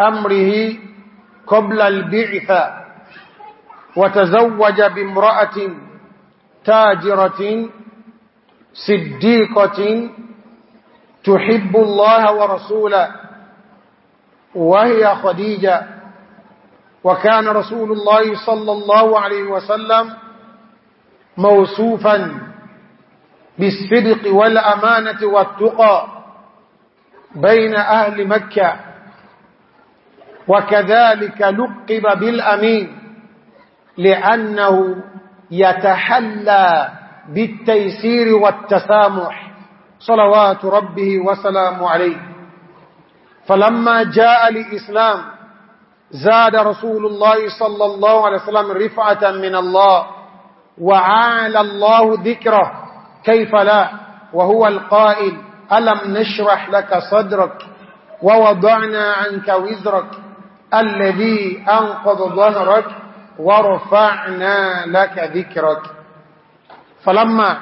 أمره قبل البعثة وتزوج بامرأة تاجرة صديقة تحب الله ورسوله وهي خديجة وكان رسول الله صلى الله عليه وسلم موصوفا بالصدق والأمانة والتقى بين أهل مكة وكذلك لقب بالأمين لأنه يتحلى بالتيسير والتسامح صلوات ربه وسلام عليه فلما جاء لإسلام زاد رسول الله صلى الله عليه وسلم رفعة من الله وعالى الله ذكره كيف لا وهو القائل ألم نشرح لك صدرك ووضعنا عنك وزرك الذي أنقض ظهرك ورفعنا لك ذكرك فلما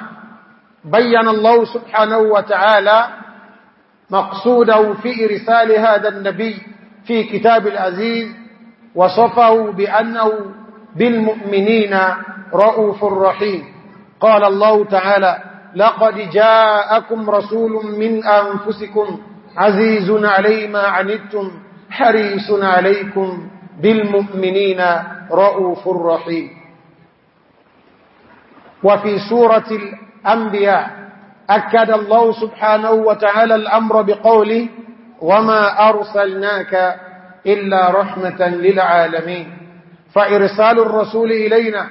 بين الله سبحانه وتعالى مقصوده في إرسال هذا النبي في كتاب العزيز وصفه بأنه بالمؤمنين رؤوف رحيم قال الله تعالى لقد جاءكم رسول من أنفسكم عزيز علي ما عنتم حريص عليكم بالمؤمنين رؤوف رحيم وفي سورة الأنبياء أكد الله سبحانه وتعالى الأمر بقوله وما أرسلناك إلا رحمة للعالمين فإرسال الرسول إلينا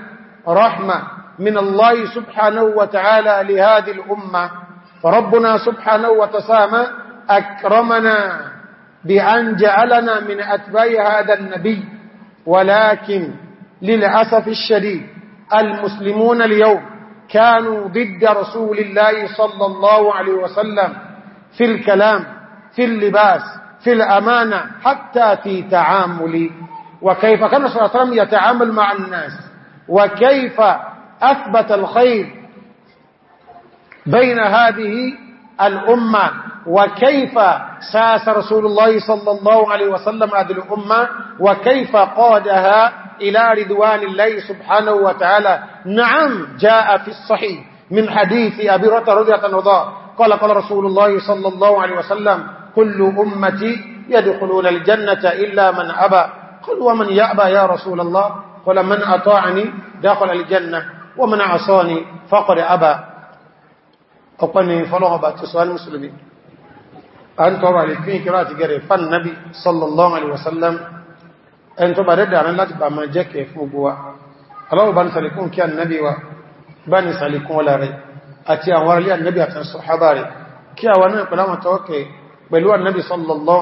رحمة من الله سبحانه وتعالى لهذه الأمة فربنا سبحانه وتسامى أكرمنا بأن جعلنا من أتباع هذا النبي ولكن للأسف الشديد المسلمون اليوم كانوا ضد رسول الله صلى الله عليه وسلم في الكلام في اللباس في الأمانة حتى في تعامل وكيف كان صلى الله عليه وسلم يتعامل مع الناس وكيف أثبت الخير بين هذه الأمة وكيف ساس رسول الله صلى الله عليه وسلم هذه الأمة وكيف قادها إلى رضوان الله سبحانه وتعالى نعم جاء في الصحيح من حديث أبي رضي رضية نضاء قال قال رسول الله صلى الله عليه وسلم كل أمتي يدخلون الجنة إلا من أبى قل ومن يأبى يا رسول الله قال من أطاعني دخل الجنة ومن عصاني فقد أبى ọ̀pọ̀ ni fọ́lọ́ọ̀bà ti sọ́lá musulmi a ń tọrọ àlèkún ìkírà ti gẹ̀rẹ̀ fan nabi sallallahu alaihi wasallam ẹn tó bá dẹ́dà rán láti bá ma jẹ́ kẹ fún gbogbo wa aláwọ̀ bá ní sàlèkún kí annabi wa bá ní sàlèkún wọ́lá rẹ̀ àti àwọn aráyé annabi àti sọ̀hábà rẹ̀ kí àwọn náà pẹ̀lú àwọn tọ́ọ̀kẹ̀ pẹ̀lú annabi sallallahu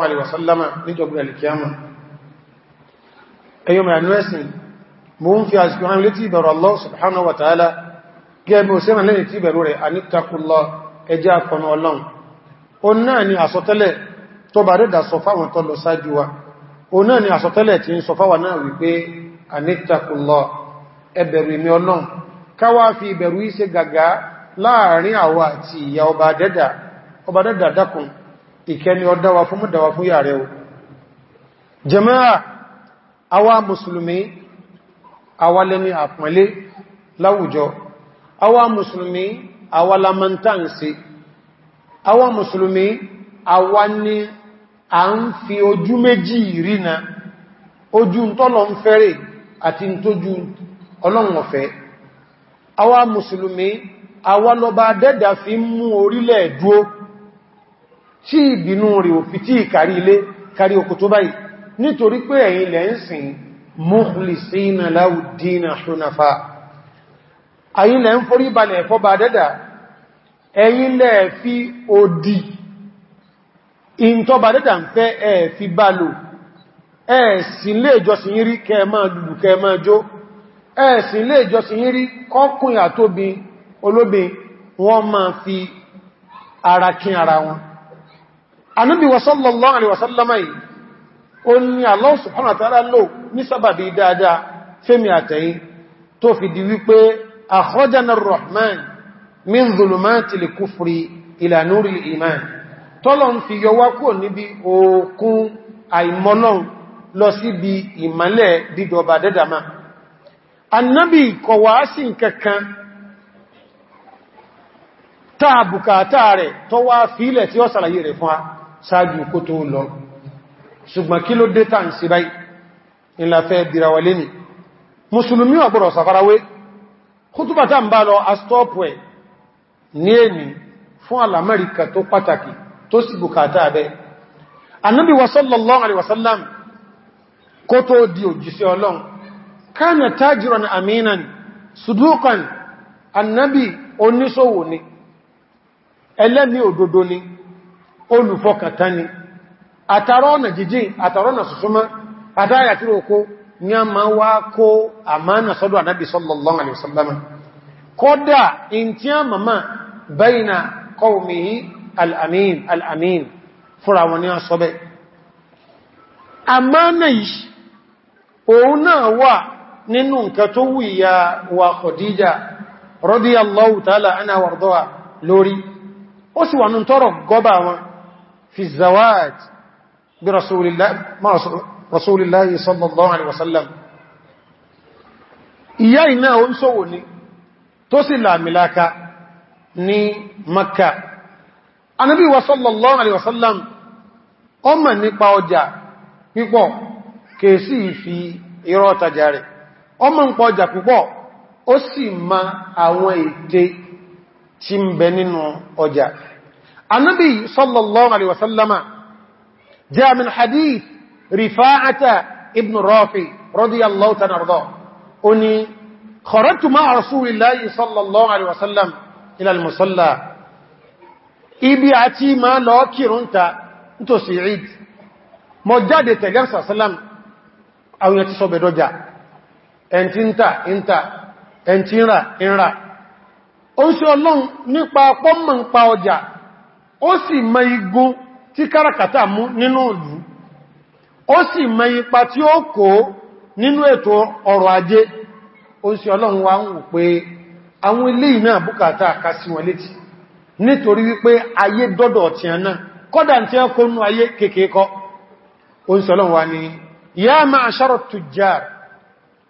gẹ́gẹ́ o sẹ́mà lẹ́yìn tí bẹ̀rù rẹ̀ a ní takùnlọ ẹjẹ́ akọ̀nà ọlọ́run o náà ni àsọtẹ́lẹ̀ tó bá rẹ̀dà sọ fáwọn tó sáájú wa o náà ni àsọtẹ́lẹ̀ tí ń sọ fáwọn náà wípé a ní takùnlọ ẹbẹ̀rù ìmẹ́ ọlọ́run káwá fi ìbẹ̀rù iṣẹ́ gàgá láàrin àwa àti ìyà ọba dẹ́dà ọba dẹ́dà dákun ìkẹni ọdáwa fún mọ́dáwa fún yà Awa mùsùlùmí àwa lamantáǹsí Awa mùsùlùmí àwa ni a ń fi ojú méjì rína ojú tọ́lọ ń fẹ́rẹ̀ àti tójú ọlọ́run ọ̀fẹ́ àwa mùsùlùmí àwa lọba dẹ́dà fi mú orílẹ̀ dúó tí ìbínú rẹ̀ òfin tí ìkàrí ilé kàrí okò báyìí nítorí pé ẹ̀yin lẹ́ ń sìn mukhlisina lahu ẹ̀yin lẹ ń forí balẹ̀ fọba dẹ́dà ẹ̀yin lẹ fi òdì ìntọba dẹ́dà ń fẹ́ ẹ̀ fi bá lò ẹ̀ẹ̀sìn lè ìjọsìn yìí rí kẹ máa dùdù kẹ máa jó ẹ̀ẹ̀sìn lè ìjọsìn yìí rí kọkùn olóbin wọ́n máa fi ara kín ara wọn Ànábì wa sallallahu alaihi wa sallam ó ní Allah subhanahu wa ta'ala lò ní sábàbí أخرجنا الرحمن من ظلمات الكفر إلى نور الإيمان tọ́lọ̀n fi yọwá kò níbi òkun àìmọ́lọ́un lọ sí bí ìmọ́lẹ̀ dídọba dẹ́dàmá. annabi kọwa sí kankan táà bukata rẹ̀ tó wá fílẹ̀ tí ó sàlàyé rẹ̀ fún a ṣáájú kó tó lọ ṣùgbọ́n kí ló dé tàn sí báyìí ìlàfẹ́ bìràwà lẹ́ni mùsùlùmí ọ̀gbọ̀rọ̀ sàfarawé kútùbà tá ń bá lọ a stọ́pù ẹ̀ ní èmì fún alamẹ́ríkà tó pàtàkì tó sì bùkátà abẹ́ annabi wasallallahu alaihi wasallam kó tó di òjíṣẹ́ ọlọ́run kánà tajiran aminan sudukan annabi oníṣòwò ni ẹlẹ́mí òdodo ni olùfọkàtà ni àtàrọ ọ̀nà jíjìn àtàrọ ọ̀nà ní a máa wá kó àmánà sọ́dọ̀ ànábì sallallahu alaihi wasallam kódà in tí a mama bayna qawmihi al-amin al-amin fúra wọn ni a sọ bẹ́ àmánà yìí òun náà wà nínú nǹkan tó wù ìyá wa Khadija radiyallahu ta'ala رسول الله صلى الله عليه وسلم ìyá iná o ń ṣòwò مكة النبي صلى الله عليه وسلم أما wa sallallahu alaihi wasallam في nípa ọjà pípọ̀ kèsí ìfi irọ́ ọtajà rẹ̀ ọmọ ń pa ọjà púpọ̀ ó sì ma àwọn ète tí ń bẹ nínú ọjà anábí sallallahu alaihi wasallama jẹ́ min hadith رفاعة ابن رافع رضي الله تنرضاه أني خرجت مع رسول الله صلى الله عليه وسلم إلى المصلى ibi àti ma lọ kírun ta nítòsí ìd mọ̀ jáde tẹ̀lẹ́sà sálàm àwọn ti sọ bẹ̀dọ́jà ẹn tí ń ta ń ta ẹn tí ń rà ń rà ó ń ṣe ọlọ́run nípa igun tí káràkátà mú nínú ìlú ó sì mọ ipa tí ó kó nínú ètò ọrọ̀ ajé ó sì ọlọ́run wa ń wò pé àwọn ilé iná bùkátà ká wọn létí nítorí wípé ayé dọ́dọ̀ ti ẹ̀nà kọ́dà tí ó kónú ayé kéèkéèkọ́ ó sì ọlọ́run wa ni ya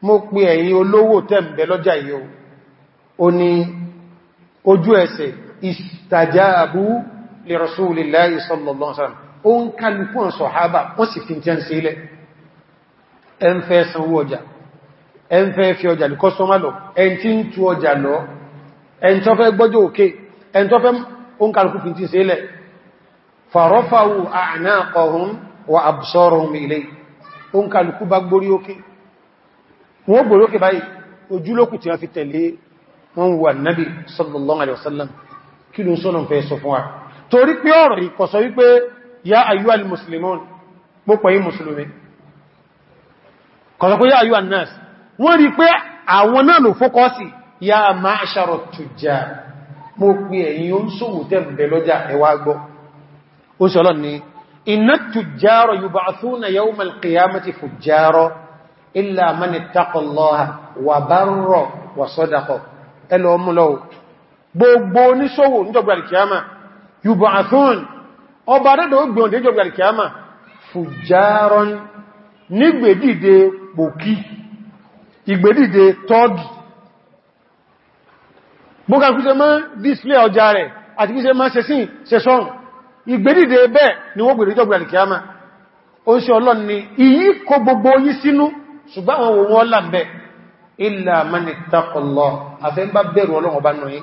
mo pe ojú ẹsẹ̀ ó ń kálukú ọ̀n sọ̀hábà wọ́n sì fi jẹ́ ń se ilẹ̀ ẹn fẹ́ sanwó ọjà ẹn fẹ́ fi ọjà lè kọ́sọ́mà lọ ẹn tí ń tu ọjà lọ ẹn tó fẹ́ gbọ́jọ́ òkè ẹn tó fẹ́ ó ń kálukú fi jẹ́ ilẹ̀ farọ́fàwò a'naqahum wa absarahum ilay ó ń kálukú bá gbórí òkè wọ́n gbórí torí pé ọ̀rọ̀ ìkọ̀sọ̀ wípé ya ayyuha al-muslimun gbogbo yí musulmi kọ̀lọ̀kọ́ ya ayyuha an-nas wọ́n rí pé àwọn náà lò fókọ́sì ya ma'ashara tujjá mo pé ẹ̀yin o ń sówò tẹ́bẹ̀ lọ́jà ẹwà gbọ́ ó sọ lọ́n ni inna tujjara yub'athuna al-qiyamati illa man ittaqallaha wa barra wa sadaqa ẹlọ gbogbo níjọgbà ọba adọ́dọ̀ gbọ́n déjọ gbàrìkìámà fùjárọ́n nígbèdìde pòkí ìgbèdìde tọ́gì bókan kí se máa display ọjà rẹ̀ àti kí se máa se sín ìgbèdìde bẹ́ẹ̀ ni wọ́n gbèdìjọ gbàrìkìámà ó ń se ọlọ́n ni ìyí kó gbogbo yí sínú illa man ittaqallah àfẹ́ ń bá bẹ̀rù ọlọ́run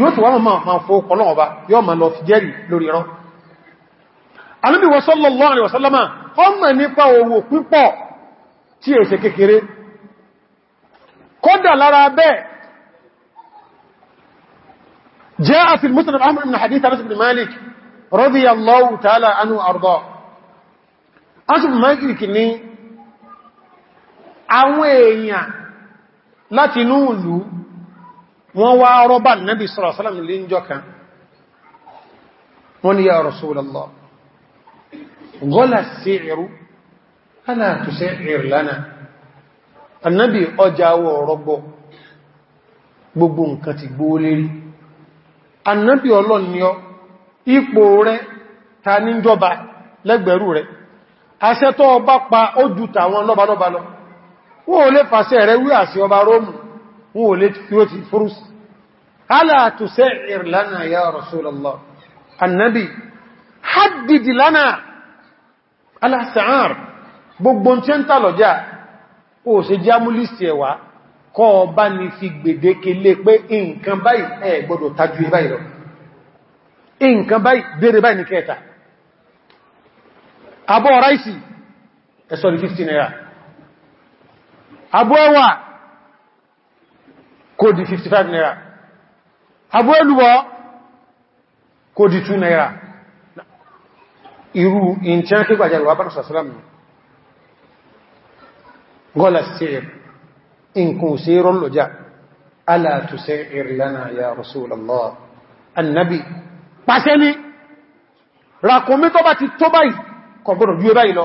yóò tí wọ́n máa fó ọlọ́wọ́ bá yóò máa lọ fi jẹ́rì lórí ẹran. Ànábì wa sallallahu alaihi wasallama ó mọ̀ nípa owó pípọ̀ tí è ṣe kékeré kódà lára bẹ́ẹ̀ jaa fi al-musnad Ahmad ibn hadith Anas ibn Malik radiyallahu ta'ala anhu arda wọ́n wá rọ́bà nẹ́bí sọ́rọ̀sọ́lọ́m lè ń jọ kan wọ́n ni ya gọ́lá sí ìrú tó ìrìlánà annabi gbogbo nǹkan ti gbóolérí annabi ọlọ́niọ́ ipò rẹ̀ ta ní jọba lẹ́gbẹ̀rú rẹ̀ àṣẹ ọba pa ó jù tàwọn lọ́balọ́ba wọ́n lè fàṣẹ ọba rom. wọn ò lè fi ó ti fúrúsì ala tusa'ir lana ya rasulallah annabi haddidi lana ala sa'ar gbogbo tí ń tàlọ̀já ó ṣe kọ́ bá ní fi gbèdéke lé pé nǹkan báyìí ẹ tajú báyìí lọ nǹkan báyìí bèèrè báyìí ní kẹta abọ́ ráìsì ẹ̀sọ́ ní 15 naira abọ́ ẹwà kó di 55 naira abú ẹlúwọ́ kó di 2 naira irú ìntẹ́ kígbàjá lọ abánà sàsílámù gọ́lá sẹ́ẹ̀r nǹkan sí rọ́lọ́já aláàtù sẹ́ẹ̀r lánà ya Rasulullah annabi pàṣẹ ní ràkùnmí tó bá ti tó báyìí kọ̀gbọ́nà ju báyìí lọ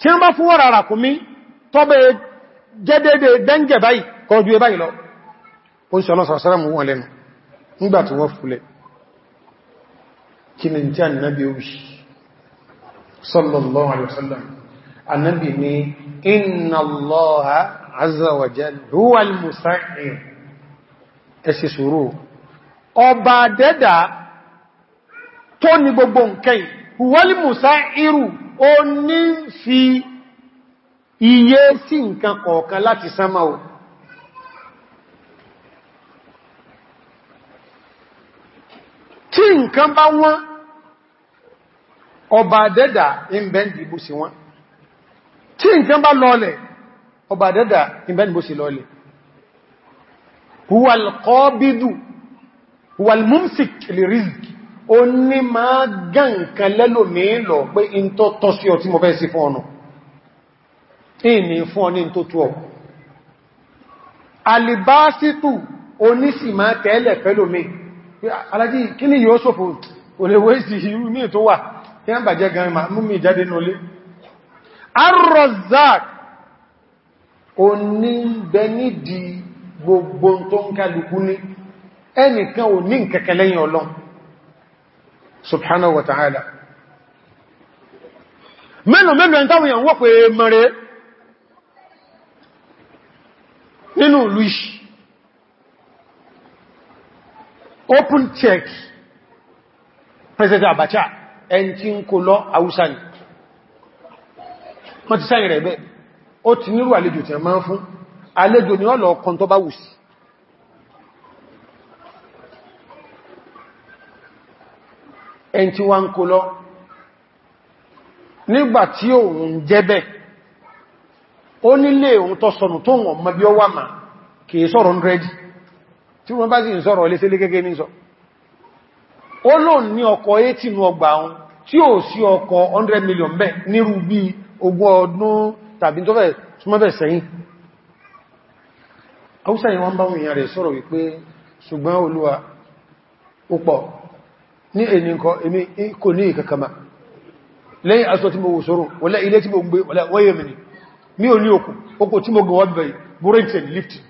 tí wọ́n bá fún wọ́n ràkùnmí tó bẹ̀ jẹ́dẹ́dẹ́ dẹ́ǹgẹ̀ báyìí kọjú ẹbá ìlọ ó ń sọ́lọ́sọ̀ sọ́rọ̀mù wọn lẹ́nu nígbà tí wọ́n fúlẹ̀ kí ni tí annabi ó ṣe sallallahu alaihi wasallam annabi ni inna allaha azza wa jalla huwa al ọba dẹ́dà tó ní gbogbo nǹkan huwa musairu ó ní fi iye sí nǹkan kọ̀ọ̀kan láti sánmà ohun tí nǹkan bá wọ́n ọba dẹ́dà ìbẹ́ndì bó sí wọ́n tí nǹkan bá lọ́ọ̀lẹ̀ ọba dẹ́dà ìbẹ́ndì bó sí lọ́ọ̀lẹ̀ huwal qabidu huwal mumsik li rizq o ní ma gá nǹkan lẹ́lò mìílọ̀ pé in tó tọ́ sí ọ tí mo fẹ́ sí fún ọ̀nà ìní fún ọ ní tó alájí kí ní yóò ṣòfò olèwé sí irú ní ètò wà tí wọ́n bàjẹ́ gan ma mú mi jáde nólé ar o ní bẹ di gbogbo tó ń kálukú ní ẹnìkan ò ní nkẹ̀kẹ́ lẹ́yìn Ọlọ́run subhanahu wa ta'ala mẹ́nu mẹ́nu ẹni táwọn èèyàn wọ́pẹ̀ nínú ìlú ìṣì open check president Abacha ẹni tí ń kó lọ Haúsá ni wọ́n ti sáyìn rẹ̀ bẹ́ ó ti nírú àlejò tí máa ń fún àlejò ni ọlọ ọkàn tó bá wù sí ẹni tí wá ń kó lọ nígbà tí òun jẹ́bẹ̀ ó nílé òun tó sọnù tó wọ̀n mọ́ bí ọ máa kìí sọ̀rọ̀ 100 tí wọ́n bá sì ń sọ̀rọ̀ léṣe lé gẹ́gẹ́ ní sọ ó lóòn ní ọkọ̀ 80 ọgbà ọun tí ó sí ọkọ̀ 100 million bẹ́ nírú bí ogún ọdún tàbí tó fẹ́ sẹ́yìn haúsá yìí bá wọn rẹ̀ sọ̀rọ̀ wípé ṣùgbọ́n olúwa ó pọ̀ ní nǹkan èmi kò ní ìkàkàmà lẹ́yìn tí mo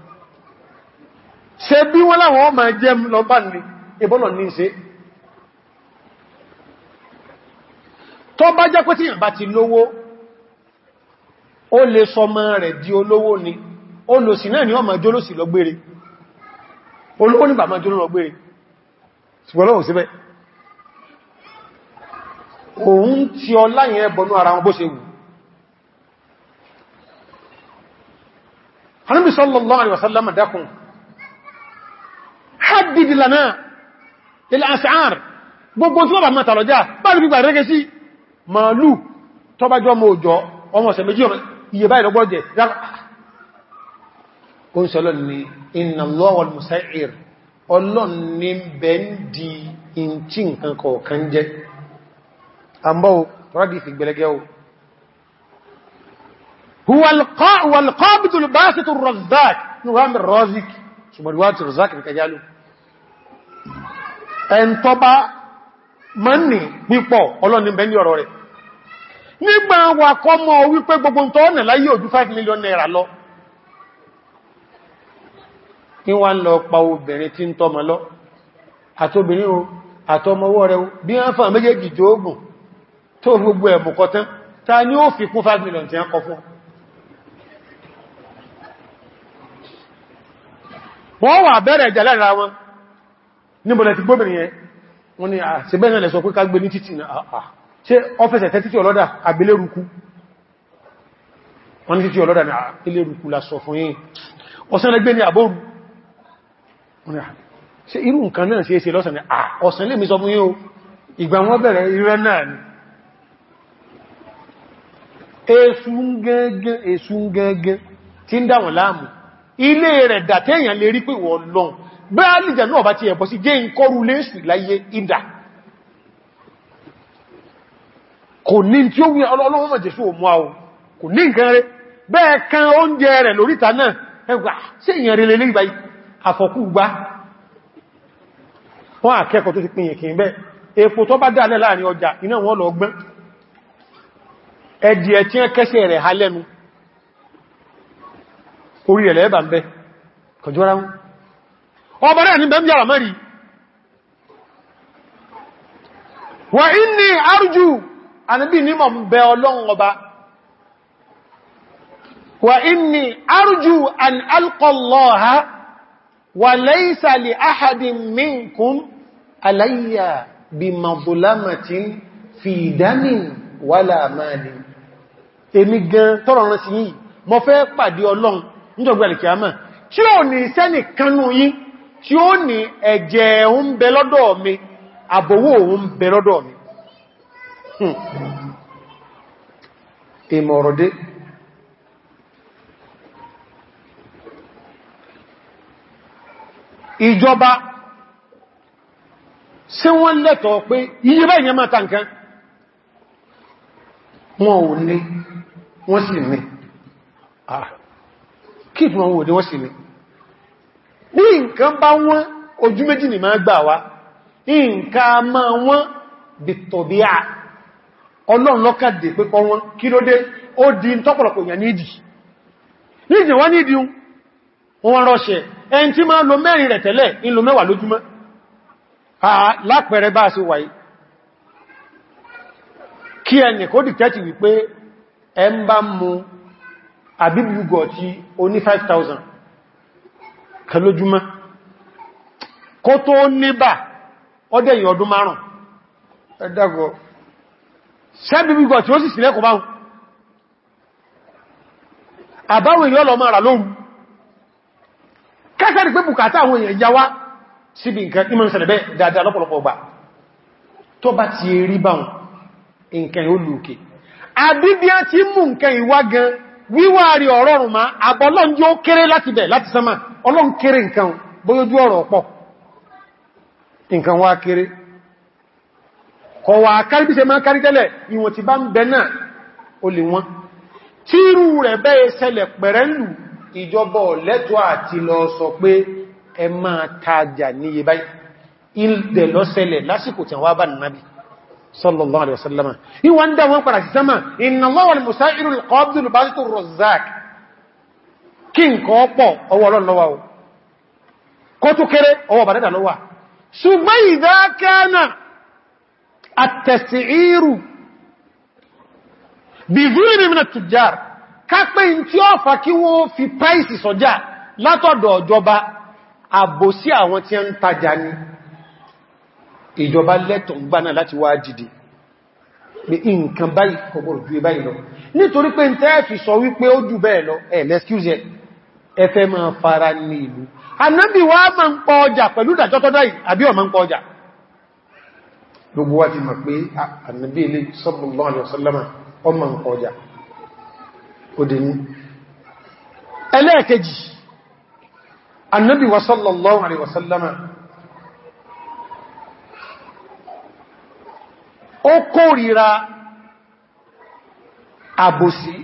ṣe bí wọ́n láwọn ọmọ ẹjẹ́ lọ́bá ní ìbọ́nà ní ṣe tó bá jẹ́ pé tí ìyàn bá ti lówó ó lè sọmọ rẹ̀ di olówó ni olòsì náà ni ọmọ jólòsì lọ́gbére olówó ní bàmá jólò lọ́gbére ṣùgbọ́n lọ́wọ́ sallallahu wasallam dákùn سدد لنا الأسعار gbogbo tí wọ́n bá mẹ́ta lọ́já báyìí gbígbà ìrẹ́gẹ́ sí màálù tó bá jọ mọ́ òjò ọmọ ọ̀sẹ̀ méjì ọmọ iye báyìí lọ́gbọ́jẹ̀ dára kò ń sọ́lọ́ iná lọ́wọ́ musair ọlọ́n bẹ́ndì ẹ̀ntọ́bá ma ń nì pípọ̀ ọlọ́ni bẹ́ ní ọ̀rọ̀ rẹ̀ nígbà wà kọ́ mọ́ wípé gbogbo tó ọ̀nà láyé ojú 5 million naira lọ kí wọ́n lọ pa obìnrin tí ń tọ́mọ lọ àtobìnrin o àtọmọwọ́ rẹ̀ bí wọ́n fà méjèèjì ogun tó gbogbo ẹ̀mù kọtán ta ni ó fi kún 5 million tí wọ́n kọ fún wọ́n wà bẹ̀rẹ̀ ìjà lára wọn níbọ̀lẹ̀ ti gbóbìnrin yẹn wọ́n ni àṣẹ́bẹ́rẹ̀ lẹ́sọ pé ká gbé ní títì náà ṣe ọ́fẹ́sẹ̀ tẹ́ títì ọlọ́dà àbílérùkú wọ́n ni títì ọlọ́dà ní àbílérùkú lásọ fún yín ọ̀sánlẹ́gbé ní àbóòrù ṣe irú nǹkan náà ṣe é ṣe lọ́sàn ní ọ̀sánlẹ́ mi sọ fún yín o ìgbà wọ́n bẹ̀rẹ̀ irẹ́ náà ni èṣù gẹ́gẹ́ èṣù gẹ́gẹ́ tí ń dáwọn láàmú ilé rẹ̀ dàtẹ́yàn lè rí pé wọ́n lọ́n bẹ́ alìjẹ̀ náà bá ti ẹ̀bọ̀ sí jẹ́ ìkọrù léṣù láyé ìdà kò ní tí ó wí ọlọ́wọ́ jésù òmú àwọ̀ kò ní nǹkan rẹ̀ bẹ́ẹ̀ kan oúnjẹ rẹ̀ lóríta náà ẹgbà sí ìyẹn rẹ̀ lélé ti epo kọjọ́ra ọba náà ní bẹ̀m yàrá mẹ́rin wà inni arjú ànábì ní mọ̀ bẹ ọlọ́run ọba wà inni arjú an alqallaha wà laysa li ahadin minkum alayya bi mazlamatin fi damin wala mali èmi gan tọ́rọ̀ rán yìí mo fẹ́ pàdé ọlọ́run níjọ̀gbẹ̀lẹ̀ kìí tí ó ní ẹ̀jẹ̀ ń bẹ lọ́dọ̀ mi àbòwò ń bẹ lọ́dọ̀ mi hmm. ìmọ̀rọ̀dé ìjọba sí wọ́n lẹ́tọ̀ pé iye bá ìyẹn máa ta wọn ò ní wọ́n sì ní ah, kí ìtùnà wọn ò wọ́n sì ní bí nǹkan bá wọ́n ojú méjì ni máa gbà wá nǹkan máa wọ́n bí tọ̀bí à ọlọ́run lọ́kàdé pípọ̀ wọn kí ló dé ó di tọ́pọ̀lọpọ̀ èèyàn nídì nídì wọ́n nídì wọn rọ́ṣẹ̀ ẹn tí máa lo mẹ́rin rẹ̀ tẹ́lẹ̀ in lo mẹ́wàá lójúmọ́ lápẹẹrẹ bá sí wáyé kí ẹnì kó dìtẹ́tì wípé ẹ ń bá mú àbíbùgọ̀ ti oní 5000 kan lójúmọ́ kó tó níbà ọdẹ yìí ọdún márùn ẹ̀dàgọ́ sẹ́bí gbígbọ́ tí ó sì sílẹ̀ kò báhùn àbáwọn èèyàn lọ mara lóhun kẹsẹ̀ rí pé bùkátà àwọn èèyàn yá wá síbi nǹkan ìmọ̀ ìṣẹ̀lẹ̀ bẹ́ dáadáa lọ́pọ̀lọpọ̀ ọgbà tó bá ti rí báhùn nǹkan ìwá gan wíwá rí ọ̀rọ̀rùn ma àbọ̀lọ́n yóò kéré láti bẹ̀ láti sánmà ọlọ́n kéré nǹkan bóyójú ọ̀rọ̀ pọ̀ nǹkan wá kéré kọwàá kárí bí ṣe máa kárí tẹ́lẹ̀ ìwọ̀n ti bá ń bẹ náà o lè wọ́n tírú rẹ̀ bẹ́ẹ̀ ṣẹlẹ̀ sallallahu alaihi wasallam ìwọ̀n ń dá wọn padà sí sánmà inna Allahu al-musa'iru al-qabdu al-basitu ar-razzaq kí nǹkan ọpọ̀ ọwọ́ ọlọ́run ló wà o kó tó kéré ọwọ́ bàdẹ́dà ló wà ṣùgbọ́n idha kana at-tas'iru bí zúrin min at-tujjar kápẹ́ in tí ó fa kí fi price sọjá látọ̀dọ̀ ọjọba àbòsí àwọn tí ń tajà ni ìjọba lẹ́tọ̀ ń gbáná láti wá jìdì pé nǹkan báyìí kọgbọ̀rọ̀ ju báyìí lọ nítorí pé ń tẹ́ẹ̀fì sọ wípé ó jù bẹ́ẹ̀ lọ ẹ̀ lẹ́skúzẹ̀ ẹfẹ́ máa fara ní ìlú anábì wá máa ń pọ ọjà pẹ̀lú ìdàjọ́ wa ti mọ̀ pé anábì ilé sallallahu alaihi wasallam ó máa ń pọ wa sallallahu alaihi wasallam ó kórìíra àbòsí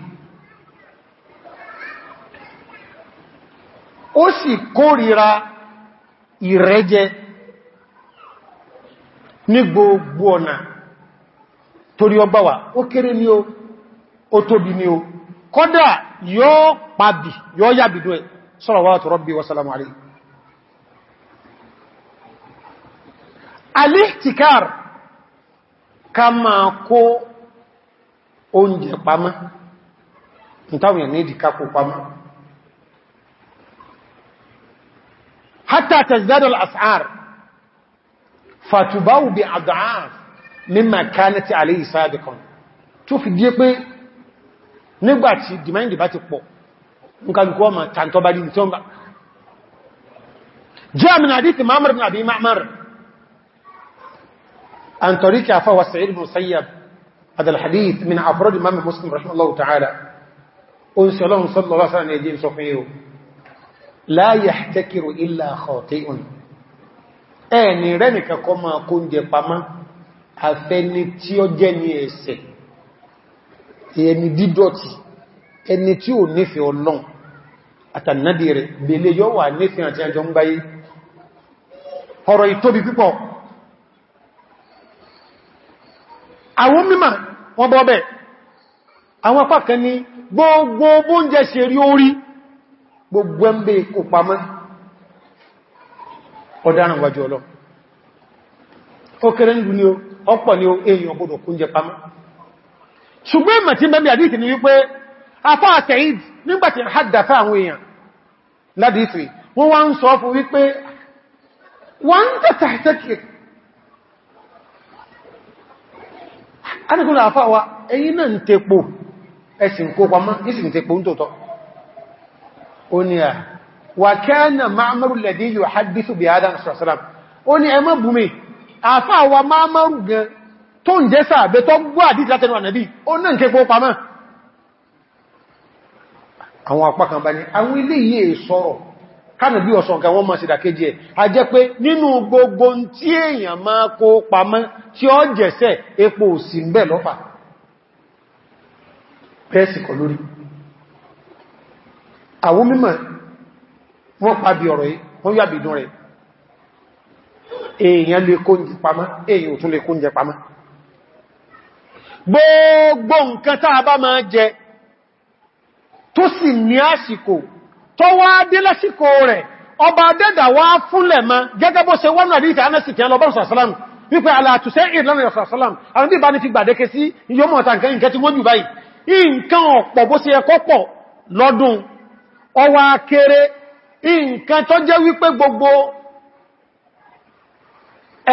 ó sì kórìíra ìrẹ́jẹ ní gbogbo ọ̀nà torí ọba wà ó kéré ní o ó tóbi ní o kọ́dà yóò pàbì yóò yàbìdó ẹ̀ salawatu rabbi wa salamu alayhi alihtikar ká máa kó oúnjẹ pamọ́ nítàwọn èèyàn ní ìdíkàkò pamọ́ hatta tazdadul as'ar fàtùbáwù bí àdáàf mímà kánàtí alayhi sadiqan tó fi díé pé nígbàtí dìmáìndì bá ti pọ̀ nkàlùkú ọmọ tàntọ́ bá dìí tí عن طريق عفاوة سعيد بن سيب هذا الحديث من أفراد إمام مسلم رحمه الله تعالى أنسي الله صلى الله عليه وسلم يدين صفيه لا يحتكر إلا خاطئ ẹni rẹ́nìkà kọ máa kó ń jẹ pamá àfẹni tí ó jẹ́ ní ẹ̀ṣẹ̀ ẹni dídọ̀tí ẹni tí ò nífẹ́ ọlọ́n àtànádì rẹ̀ belé yọ́ wà nífẹ́ àti àjọ ń gbáyé ọ̀rọ̀ ìtóbi pípọ̀ àwọn mímọ̀ wọn bọ́ bẹ́ẹ̀ àwọn gbogbo bóúnjẹ ṣe rí orí gbogbo ẹmbẹ̀ kò pamọ́ ọ̀daràn wájú ọlọ́ ó kéré nílùú ni ó ọ̀pọ̀ ni ó èèyàn gbọdọ̀ kóúnjẹ pamọ́ ṣùgbọ́n ìmọ̀ tí mẹ́bí àdíìtì ni wípé afọ́ ha adìgúnlẹ̀ àfáwà ẹ̀yìn náà ń tepo ẹ̀sìn kó pamọ́ ìsìn tepo ń tòótọ́ ó ní à wà kana Ma'maru lẹ́dí yóò hadithu bí adán sọ̀sọ̀rọ̀ ó ní ẹmọ́ bùmí àfáwà Ma'maru gan tó ń jẹ́ sàbẹ̀ tó gbọ́ àdíjì látẹnu ànàbí ó náà kánà bí ọ̀sọ̀ wọn ma máa ṣìdàkejì ẹ̀ a jẹ́ pe ninu gbogbo tí èèyàn máa kó pamọ́ tí ó jẹ̀sẹ̀ epo òsì ń bẹ̀ Pe pẹ́ẹ̀sìkọ̀ lórí lori mímọ̀ wọ́n pàbí ọ̀rọ̀ ọrọ wọ́n yàbìdún rẹ̀ èèyàn lè kó jẹ pamọ́ èèyàn ò tún lè kó jẹ pamọ́ gbogbo nǹkan tá a bá máa jẹ tó sì ní tọwa wá dé lásìkò rẹ̀ ọba dẹ́dà wá fúnlẹ̀ ma gẹ́gẹ́ bó ṣe wọ́n àdíta anẹ́sì tí a lọ bá ala wípé alàtúṣẹ́ ìrìnlẹ́rìn ṣàṣàlám àwọn bí bá ní fi gbàdékẹ gbogbo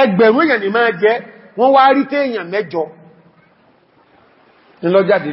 ẹgbẹ̀rún èèyàn ni máa jẹ wọ́n wá rí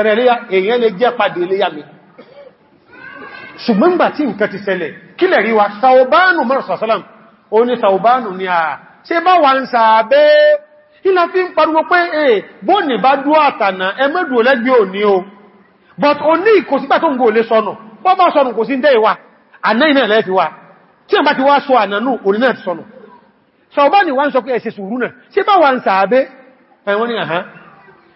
ẹ̀rẹ̀ léyà èèyàn lè jẹ́ pàdé léyà mi ṣùgbọ́n gbà tí nǹkan ti ṣẹlẹ̀ kí lẹ̀ rí wa sàọ̀bánù mọ́rùsàsọ́lám o ní sàọ̀bánù ni a ṣe bá wà ń sàábẹ́ ilá fi ń pariwo pé e bóòní bá dúó àtànà ẹmẹ́dùó lẹ́gbẹ́ but o ní kò sígbà tó ń gò lè sọnù bọ́ bá sọnù kò sí ń dẹ́ ìwà àná iná ilẹ̀ ti wà tí a bá ti wá sọ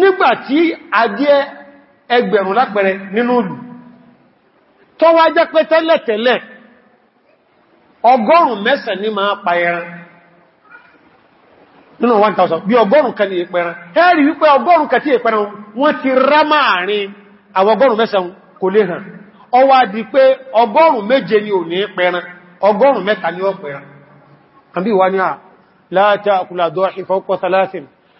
nígbàtí adìẹ ẹgbẹ̀rún lápẹẹrẹ nínú ìlú tó wá jẹ́ pé tẹ́lẹ̀tẹ́lẹ̀ ọgọ́rùn mẹ́sàn ní máa pa ẹran nínú 1000 bí ọgọ́rùn kan ní ìpẹran ẹ̀rí wípé ọgọ́rùn kan ìpẹran wọ́n ti rá máàrin àwọn ọgọ́rùn mẹ́sàn kò lè hàn ó di pé ọgọ́rùn méje ni ò ní pẹran ọgọ́rùn mẹ́ta ni ó pẹran àbí wá ní à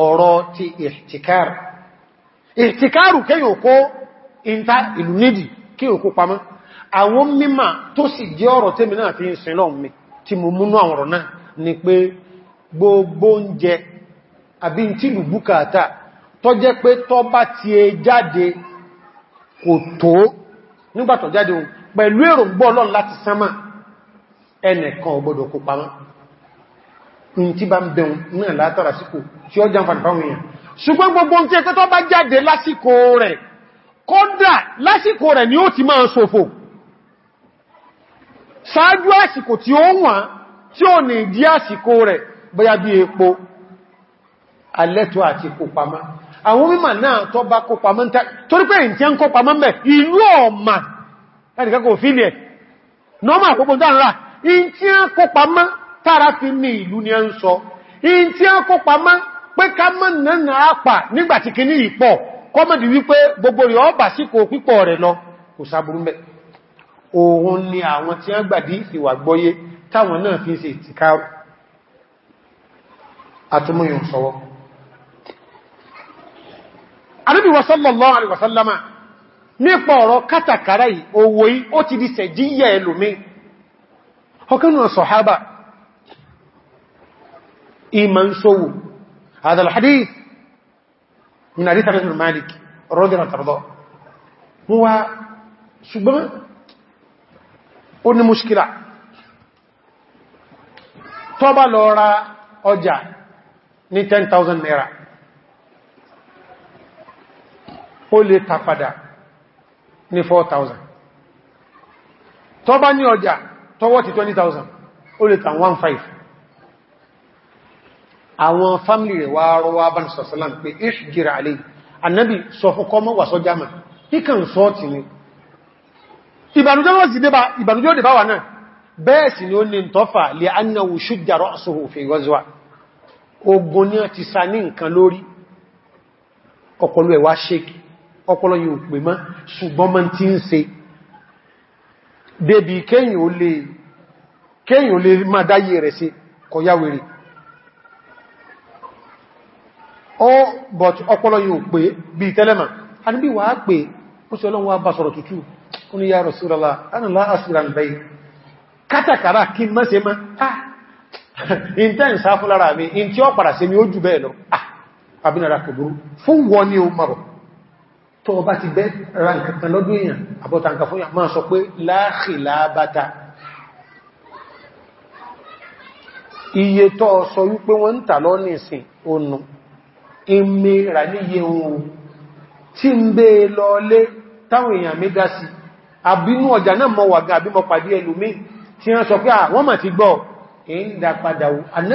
ọ̀rọ̀ ti ìhtìkáàrù ìhtìkáàrù kéyàn nta ìntà ìlú nídì kí pamọ́ àwọn mímà tó sì jẹ́ ọ̀rọ̀ tẹ́mi náà fi ń sin lọ mi tí mo múnú ni pé gbogbo oúnjẹ àbí tí lù búkàtà tó jẹ́ pé tó bá ti ẹ jáde kò tó nígbàtọ̀ jáde pẹ̀lú èròǹgbọ́ ọlọ́run láti in tí bá ń bẹun náà látara síkò tí ó jàǹfà fáwọn èèyàn ṣùgbọ́n gbogbo tí ẹkọ́ tó bá jáde lásìkò rẹ̀ kódà lásìkò rẹ̀ ni ó ti máa ṣòfò ṣáájú àsìkò tí ó wọ́n tí ó ní ìdí àsìkò rẹ̀ bóyá bí epo alẹ́tọ́ àti kópamá àwọn mímọ̀ náà tó bá kópamá torí pé ìtí ń kópamá mẹ́ ìlú ọ̀mà ẹnìkan kò fílẹ̀ nọ́mà àpópọ̀ dáńlá ìtí ń kópamá tára fi ní ìlú ni a ń sọ. in tí a kó pamá pé ká mọ́ nánà àpà nígbàtí kì ní ìpọ̀ kọ́mọ̀dì wípé gbogbo rẹ̀ ọba síkò pípọ̀ rẹ̀ lọ kò sáburú mẹ́ òun ni àwọn tí a gbàdí ìwà gbọ́yé táwọn náà fi ṣe ìtìká àtúmúyùn di ọkànnà إيمان سوء هذا الحديث من حديث أنس بن مالك رضي الله ترضاه هو سبما قلنا مشكلة tọ́bà lọ ra ọjà ní 10,000 naira ó lè tà padà ní 4,000 tọ́bà ní ọjà tọ́wọ́ ti 20,000 ó lè tà 1,500 àwọn fámílì rẹ̀ wá rọwà bá sọ̀sọ́lá pé ìṣìjìrà alẹ́ annabi sọ fọ́kọ́ mọ́ wà sọ jámà kíkàn sọ ti ní ìbànújẹ́ òdìbá wà náà bẹ́ẹ̀ sì ni ó ní tọ́fà lè annáwò ṣújà rọ́sùhù fi gọ́zùwà ogun ní ti sa ní nǹkan lórí ọpọlọ kọ̀yáwèrè ọ but ọpọlọ yóò pé bí tẹ́lẹ̀mà a níbi wà á pé ó sí ọlọ́run wá bá sọ̀rọ̀ tútù ya Rasulullah ánàlá asìràn kátàkàrà kí ah in tẹ́ ń mi in tí ó padà se ni ó jù bẹ́ẹ̀ lọ ah abinara kò burú fún wọ o mọ̀rọ̀ tó bá ti bẹ́ ra ìmì rà ní iye ohun tí ń bẹ́ e lọlé táwọn èèyàn mi gá sí àbínú ọjà náà mọ wàgá àbí mọ pàdé ẹlòmí tí wọ́n sọ pé àwọn mà ti gbọ́ èyí ń dá padà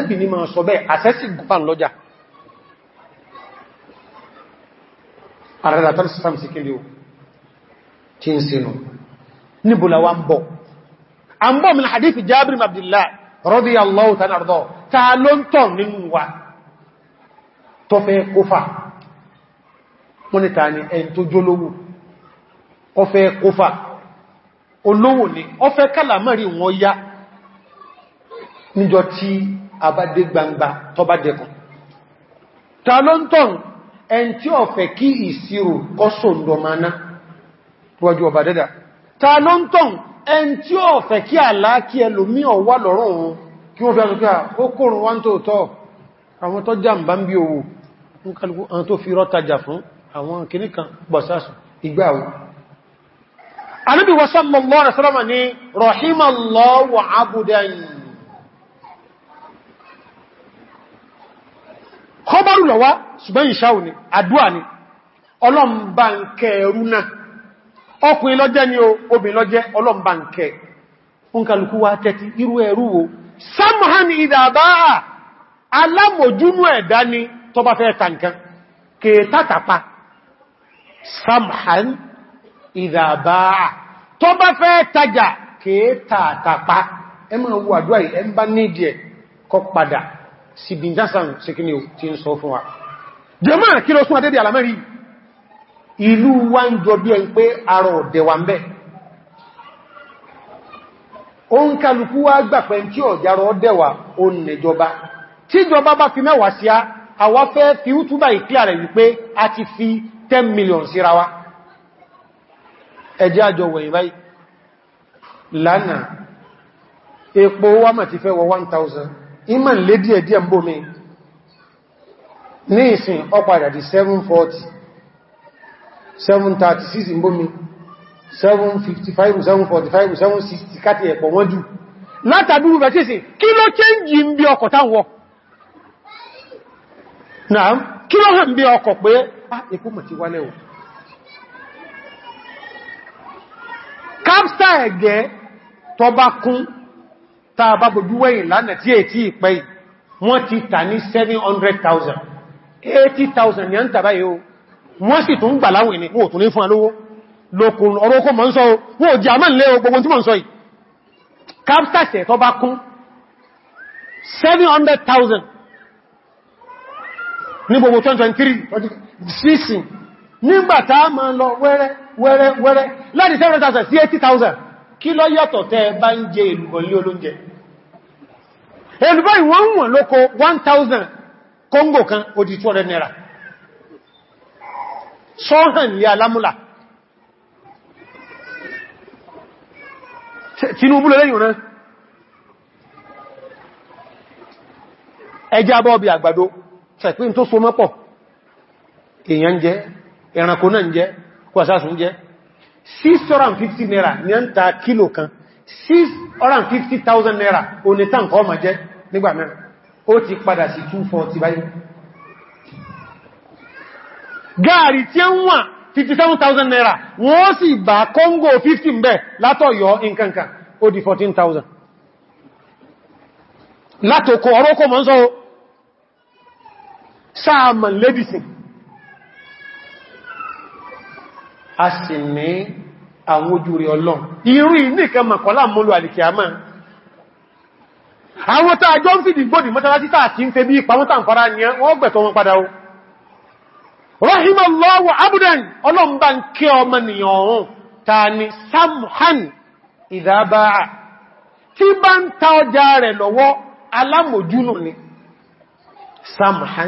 ní ma sọ bẹ́ẹ̀ àṣẹ́sì gùpà hadithi Jabir ibn Abdullah radiyallahu ta'ala anhu ta ló ń tọ̀ nínú wa tó fẹ́ kófà wọ́n ni ta ni ẹni tó jólówó ó fẹ́ kófà olówó ni ó fẹ́ kálàmọ́rí wọn yá níjọ tí a bá dé gbangba tó bá dẹkùn ta ló ń tọ́n ẹni tí ó fẹ́ kí ìṣirò kọ́sọ̀ ndọmaná wájú ọba dẹ́dà ta ló ń tọ́n ẹni tí ó fẹ́ kí àlákí ẹlòmí ọ̀wà lọ́rọ̀ òun kí wọ́n fẹ́ kálukú àwọn tó fi rọ́tajà fún àwọn kìní kan gbọ̀sásù ìgbàwó Ànábì wa sallallahu alaihi wasallam ní rahimallahu abdan kọbárù lọ́wá ṣùgbọ́n ìṣáò ni àdúà ni ọlọ́mbà ń kẹ ẹrú náà ọkùnrin lọ́jẹ́ ni ẹ̀dá ni tó bá fẹ́ ta nǹkan kètàtàpá samhan ìdàbáà tó bá fẹ́ tajà kètàtàpá ẹmọ owó àdúwà yìí ẹmbá nídìí ẹ̀ kọ padà sí bíjásán síkíní tí ń sọ fún wa jẹmọ́ kí ló sún adédé alamẹ́rí ìlú wa ń jọ bí ẹn pé arọ ọ̀dẹ̀wà ń bẹ́ o ń kálukú wá gbà pẹ̀ tí ọ̀járọ̀ ó nìjọba tíjọba bá fi mẹ́wàá sí á àwa fẹ́ fi útúbà ìkílà rẹ̀ wípé a ti fi 10 million síra wa ẹjẹ́ àjọ wẹ̀yìn báyìí lánàá epo wá mà ti fẹ́ wọ 1000 ìmọ̀ lé díẹ̀ díẹ̀ mbó mi ní ìsìn ọpadà di 740 736 mbó mi 755 745 760 káti ẹ̀pọ̀ wọ́n jù látàdúrú bẹ̀ tí ìsìn kí ló change ń bí ọkọ̀ táwọn náà kí ló hàn bí ọkọ̀ pé ah, ikú mọ̀ ti wálẹ̀ wọ̀ kápsá ẹ̀gẹ́ tọba kún tàà bá gbogbo wẹ́yìn lánà tí è tí ìpẹ́ wọ́n ti tà ní 700,000 80,000 ni a ń tàbá yóò wọ́n sì tún gbà láwìn ní wọ́n tún ní fún alówó lókùn ọ̀rọ̀ okó mọ́ ń sọ wọ́n 700,000 ní gbogbo 2023 sísìn nígbàtá ma lọ wẹ́rẹ́ wẹ́rẹ́ wẹ́rẹ́ láti 7,000 sí 80,000 kí lọ yàtọ̀ tẹ́ bá ń jẹ èlùbọ̀ lé olóúnjẹ èlùbọ̀ ìwọ̀n wọ̀n lóko 1,000 kóngò kan ó di 200 naira sọ́hàn ní alámúlà Tinubu lẹ́yìn rẹ̀ ẹjá bọ́ bí àgbàdo ṣàpín tó so mọ́pọ̀ èèyàn jẹ́ ẹranko náà jẹ́ kwàsásùn jẹ́ 650 naira ní a ń ta kílò kan 650,000 naira o ní tàn kọ́ ma jẹ́ nígbà mẹ́rin ó ti padà sí 240 báyìí gáàrí tí ń wà 57,000 naira wọ́n sì bá kóngò 15 bẹ̀ látọ̀yọ́ nkankan ó di 14,000 látòkò ọ̀rọ̀kọ̀ mọ́ sọ́wọ́ sáàmà lẹ́dìsìn a sì ní àwọn ojú rí ọlọ́n irú nìkan mọ̀kànlá mọ́lù àlìkìyàmá àwọn tàà jọ ń fìdí gbódì mọ́tàlátí tàà ń fẹ́ bí ìpamọ́ta ń fara ní wọ́n gbẹ̀tọ́ wọn padà rahimallahu ọmọ ni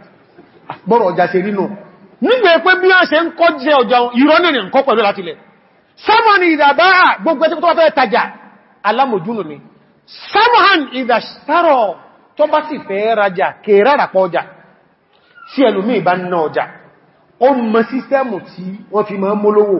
bọ́rọ̀ ọjà ṣe rí nù nígbẹ̀ pé bí wọ́n ṣe ń kọ́ jẹ ọjà ìrọ́nìyàn kọ́ pẹ̀lú láti lẹ̀ sọ́mọ̀nì ìdàbá gbogbo ẹ̀tí tó fẹ́ tajà alámòjúnù ni sọ́mọ̀hàn ìdàṣtárọ̀ tó bá sì fẹ́ rajà kèrà pọ̀ ọjà tí ẹlòmí ìbá ń ná ọjà ó mọ sísẹ́mù tí wọ́n fi máa mólówó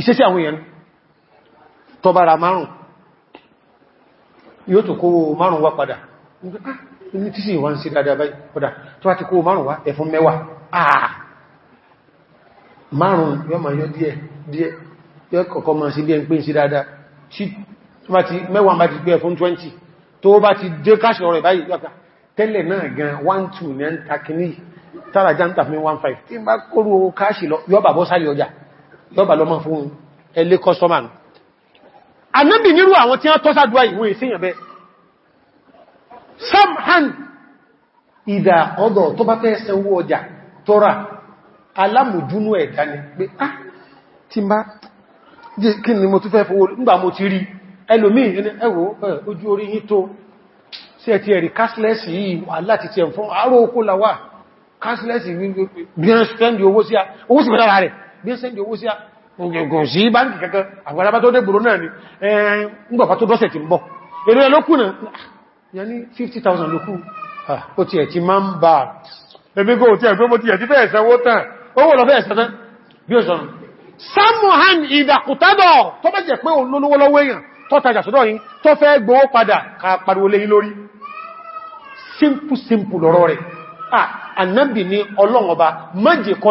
ìṣẹ́sí àwọn èèyàn tó bá ra márùn yóò tó kó márùn wá padà ní ah, tí sí wá ń sí dáadáa báyìí padà tó bá ti kó márùn wá ẹ̀fún mẹ́wàá àà ah, márùn yóò máa yọ díẹ̀ díẹ̀ yóò kọ̀kọ́ máa sí díẹ̀ ń pè sí dáadáa tó bá ti mẹ́wàá bá ti gbé ẹ̀fún 20 tó bá ti dé káṣì ọ̀rẹ̀ báyìí tẹ́lẹ̀ náà gan 1-2 ní ẹntàkìní tààrà jántàfin 1-5 yọba lọ máa fún ẹlé kọsọmà nù anábì nírú àwọn tí wọ́n tọ́sà dúwà ìwọ̀n ìsìnyàn bẹ́ samhan ìdà ọdọ̀ tó bá fẹ́ sẹ́wọ́ ọjà tọ́ra alámùjúnú ẹ̀dá ni pé ah tí bá kí ni mo tún fẹ́ fowó nígbà mo ti rí ẹlòmí ẹwọ́ ojú orí yí tó sí ẹ̀tì ẹ̀rì kásílẹ̀sì yìí wà láti ti ẹ̀fọ́n àárò okó làwà kásílẹ̀sì bí wọ́n spend owó sí owó sí pẹ̀lára rẹ̀ bí ṣe ń di owó sí ọgbọ̀n sí báńkì kankan àwọn alábá tó dégbòrò náà ni ǹgbàfà tó dọ́sẹ̀ ti ń bọ̀ èrè ẹlókù náà yà ní 50,000 lókù ó ti ẹ̀ ti máa ń bá ẹgbẹ́gbẹ́ òtí ẹgbẹ́ mo ti ẹ̀ ti fẹ́ ẹ̀sẹ̀wó tán owó lọ fẹ́ ẹ̀sẹ̀tán bí ó sọ̀rọ̀ samuhan ìdàkùtàdọ̀ tó bá jẹ́ simple simple lọ́rọ̀ rẹ̀ ah annabi ni ọlọ́run ọba má jẹ́ kó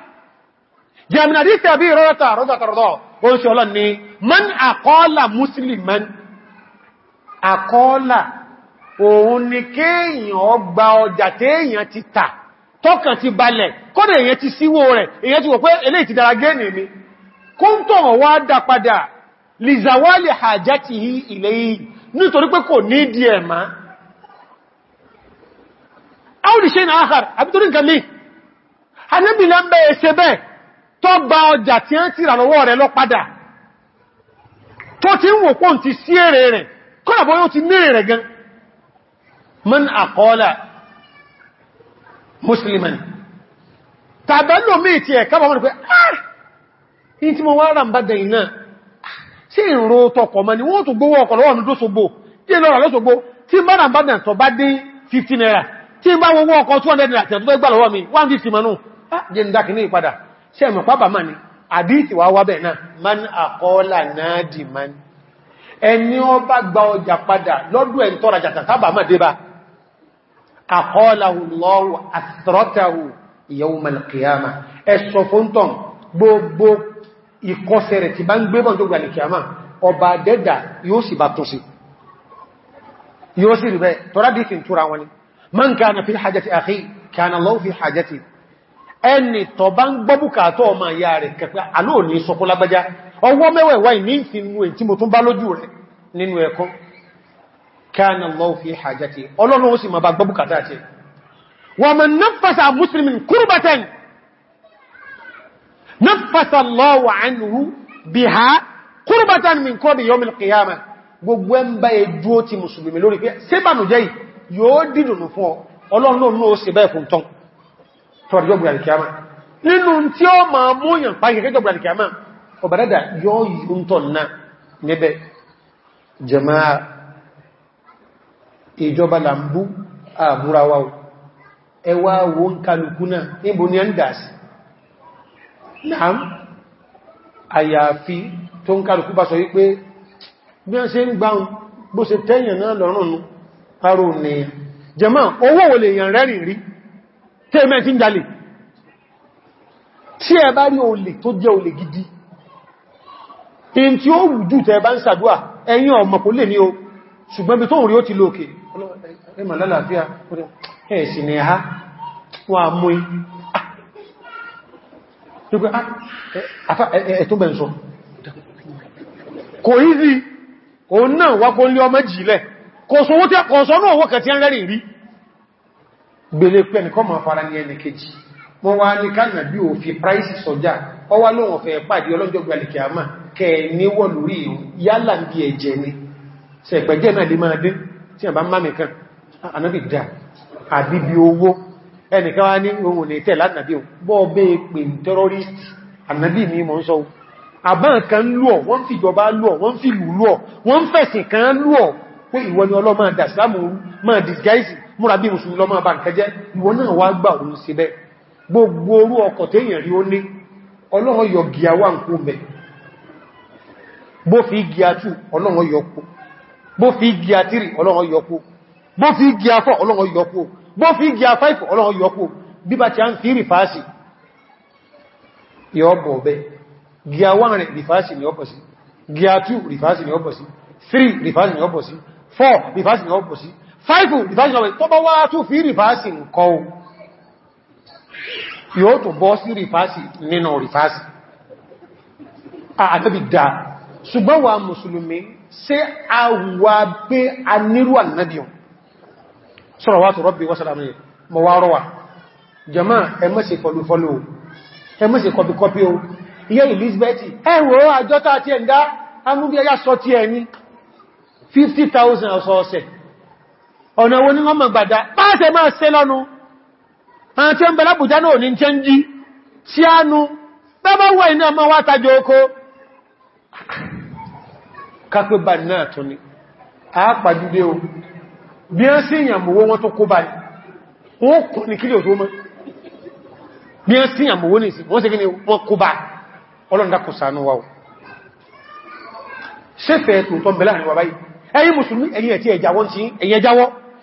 جاء من حديث أبي هريرة رضي الله عنه قال الله من أقال مسلما أقال òun ni kéèyàn ọgbà ọjà téèyàn ti tà tọ́kàn ti balẹ̀ kọ́dẹ̀ èyàn ti síwó rẹ̀ èyàn ti wò pé eléyìí ti dára gẹ́ẹ̀nì mi kó ń tọ̀rọ̀ wá dá padà lìzàwálì hajatihi ilayhi nítorí pé tó bá ọjà tí a ń tìrà lọ́wọ́ rẹ̀ lọ padà tó ti ń wò pọ́n ti sí èrè rẹ̀ kọ́lọ̀bọ́ yóò ti ní èrè gan man àkọọ́lá musliman tàbẹ́lò mí ti ẹ̀ká bọ̀ mọ́rin pé ah in ti mo wá rà ń bá dẹ̀ iná sí ìrò tọkọ̀ mọ́ ni wọ́n tó gbówó ọkọ̀ lọ́wọ́ mi lóṣogbo tí lọ́rà lóṣogbo tí bá rà ń bá dẹ̀ tọ bá dín 15 naira tí bá ọkọ̀ 200 naira tí lọ́wọ́ mi 150 manú ah jẹ́ ìdákiní ìpadà sí ẹ̀mọ̀ pápá máa ni àdíìtì wà wábẹ̀ náà man àkọọ́lá náà dì man ẹni ó bá gba ọjà padà lọ́dún ẹ̀ tọ́ra jàtà sábà máa dé bá àkọọ́láhù lọ́wọ́ àtìrọ́tàhù yawmal qiyama ẹ̀sọ̀ fóntọ̀n gbogbo ìkọsẹ̀ rẹ̀ ti bá ń gbébọn tó gbàlì kìyàmà ọba dẹ́dà yóò sì man kana fi hajjati akhi kana Allahu fi hajjati ẹni tọ bá ń gbọ́ bùkátọ́ ọmọ ìyá rẹ̀ kẹfẹ́ àlò ní sọkún lágbàjá ọwọ́ mẹ́wẹ̀wà ìní ìfinú ẹ̀ tí mo tún bá lójú rẹ̀ nínú ẹ̀kọ́ kana Allahu fi hajati ọlọ́run ó sì gbogbo ẹ̀ ẹjú ó ti mùsùlùmí lórí pé sébànújẹ́ yìí yóò dìdùnù fún ọ ọlọ́run náà ó sì bẹ́ẹ̀ fún tán tọ́rọjọ́gbìn alìkìyàmá nínú tí ó ma múyàn pàkìkẹjọ́gbìn alìkìyàmá ọ̀bàdádà yóò yíntọ̀ náà níbẹ̀ jẹmáà ìjọba lambú àbúrawá ẹwà wo ń kálukú náà níbo ni ẹn dàsí náàm àyàfi tó ń kálukú bá sọ wípé bí wọ́n ṣe ń gbáhùn bó ṣe tẹ́yàn náà lọ́rùn ní jẹmáà owó wọlé èèyàn rẹ́rìn rí tẹ́ẹ̀mẹ́ tí ń jalè tí ẹ bá rí olè tó jẹ́ olè gidi in tí ó rùjú tẹ́ bá ń sàdúà ẹ̀yìn ọmọ kò lè ní o ṣùgbọ́n bí tó ń rí ó ti lókè ẹmà lálàáfíà ẹ̀ẹ̀sì ni ha wà mú ah, kò rí gbélé pẹ́ nìkan ma fara ní ẹni kejì wọ́n wá ní kánà bí ò fi price sọjá ọ wá lóhun ọ̀fẹ́ pàdé ọlọ́jọ́ gbalìkẹ̀ àmà kẹ níwọ̀ lórí ìhun yálà bí ẹ̀jẹ̀ ni sẹ̀pẹ̀jẹ̀ náà lè máa dín tí a bá má nìkan anábìdá àbí bí owó ẹnìkan wá terrorist ànábì mi mọ́ ń sọ àbáǹ kan lù ọ́ wọ́n fi ìjọba lù ọ́ wọ́n fi ìlú ìwọ ni ọlọ́ máa máa disguise múra bí musulmi lọ máa bá nkẹjẹ́ ìwọ náà wá gbà òun sí bẹ́ gbogbo orú ọkọ̀ téèyàn rí ó ní ọlọ́run yọ gíà wà nkú mẹ́ bó fi gíà tù ọlọ́run yọkú bó fi gíà tírì ọlọ́run yọkú bó fi gíà fọ́ ọlọ́run yọkú bí bá ti a ń fi rìfáàsì yọ́bọ̀ bẹ́ gíà wà ni ọ̀pọ̀ sí gíà tù rìfáàsì ni ọ̀pọ̀ sí 3 rìfáàsì ni 4 rìfáàsì ni ọ̀pọ̀ sí fáìfù ìfáṣìnàwẹ̀ tó bá wá tó fi rìfáàsì nǹkan o yóò tó bọ́ sí rìfáàsì nínú rìfáàsì àtẹ́bì dá ṣùgbọ́n wa mùsùlùmí ṣe a wà pé a nírú ànàbíyàn sọ́rọ̀ wá tó rọ́bí wọ́sàdámi mọ̀ wá rọ́wà jama ẹmẹ́sẹ̀ kọlu fọ́lú ẹmẹ́sẹ̀ kọpí kọpí o iye Elizabeth ẹwọ́ àjọ́ta àti ẹ̀ndá amúbíyà sọ ti ẹni 50,000 ọ̀sọ̀ọ̀sẹ̀ ọ̀nà owó ní ọmọ gbàdá pàṣẹ máa ṣe lọ́nu àwọn tí ó ń bẹ lábùjá náà ní jẹ́ ń jí tí a nu bẹ́bọ́ wọ iná ọmọ wá tajọ oko kápẹ́ bá náà tó ní àápàdúdé o bí ẹ́ sí ìyàmòwó wọn tó kó bá ní wọ́n kò ní kílò tó mọ́ wọ́n sì kí ni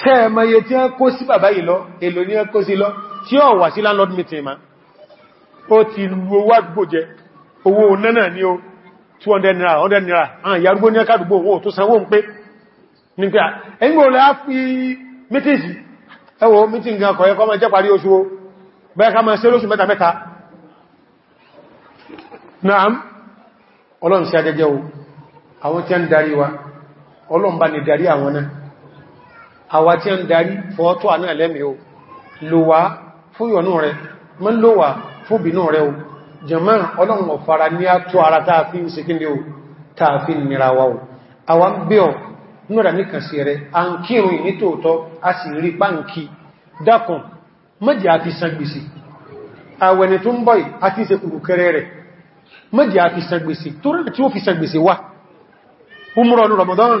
sẹ́ẹ̀mọye tí wọ́n kó sí bàbá yìí lọ èlò ní wọ́n kó sí lọ tí ó wà sí landlord meeting ma ó ti wo wá gbòjẹ owó nánà ní o 200 naira 100 naira àwọn ìyàrúgbó ní ọkàdùgbò owó tó sanwó ń pé ní pé ẹgbẹ́ olè á fi meetings ẹwọ meeting gan kọ̀ ẹkọ́ ma jẹ́ parí oṣù ọlọ́run sí ajẹ́jẹ́ o àwọn tí a ń darí wa ọlọ́run bá ní darí àwọn náà àwa tí a ń darí fọ́ọ́tọ́ àná ẹlẹ́mì o lòwà fún ìyọnú rẹ mọ́ lòwà fún ìbínú rẹ o jẹ̀mọ́ ọlọ́run ọ̀fara ní a tó ara tàà fi ń se kí ní o tàà fi nira wa o àwa ń bẹ́ ọ núra ní ní tòótọ́ a sì a ń bọ̀ ní Ramadan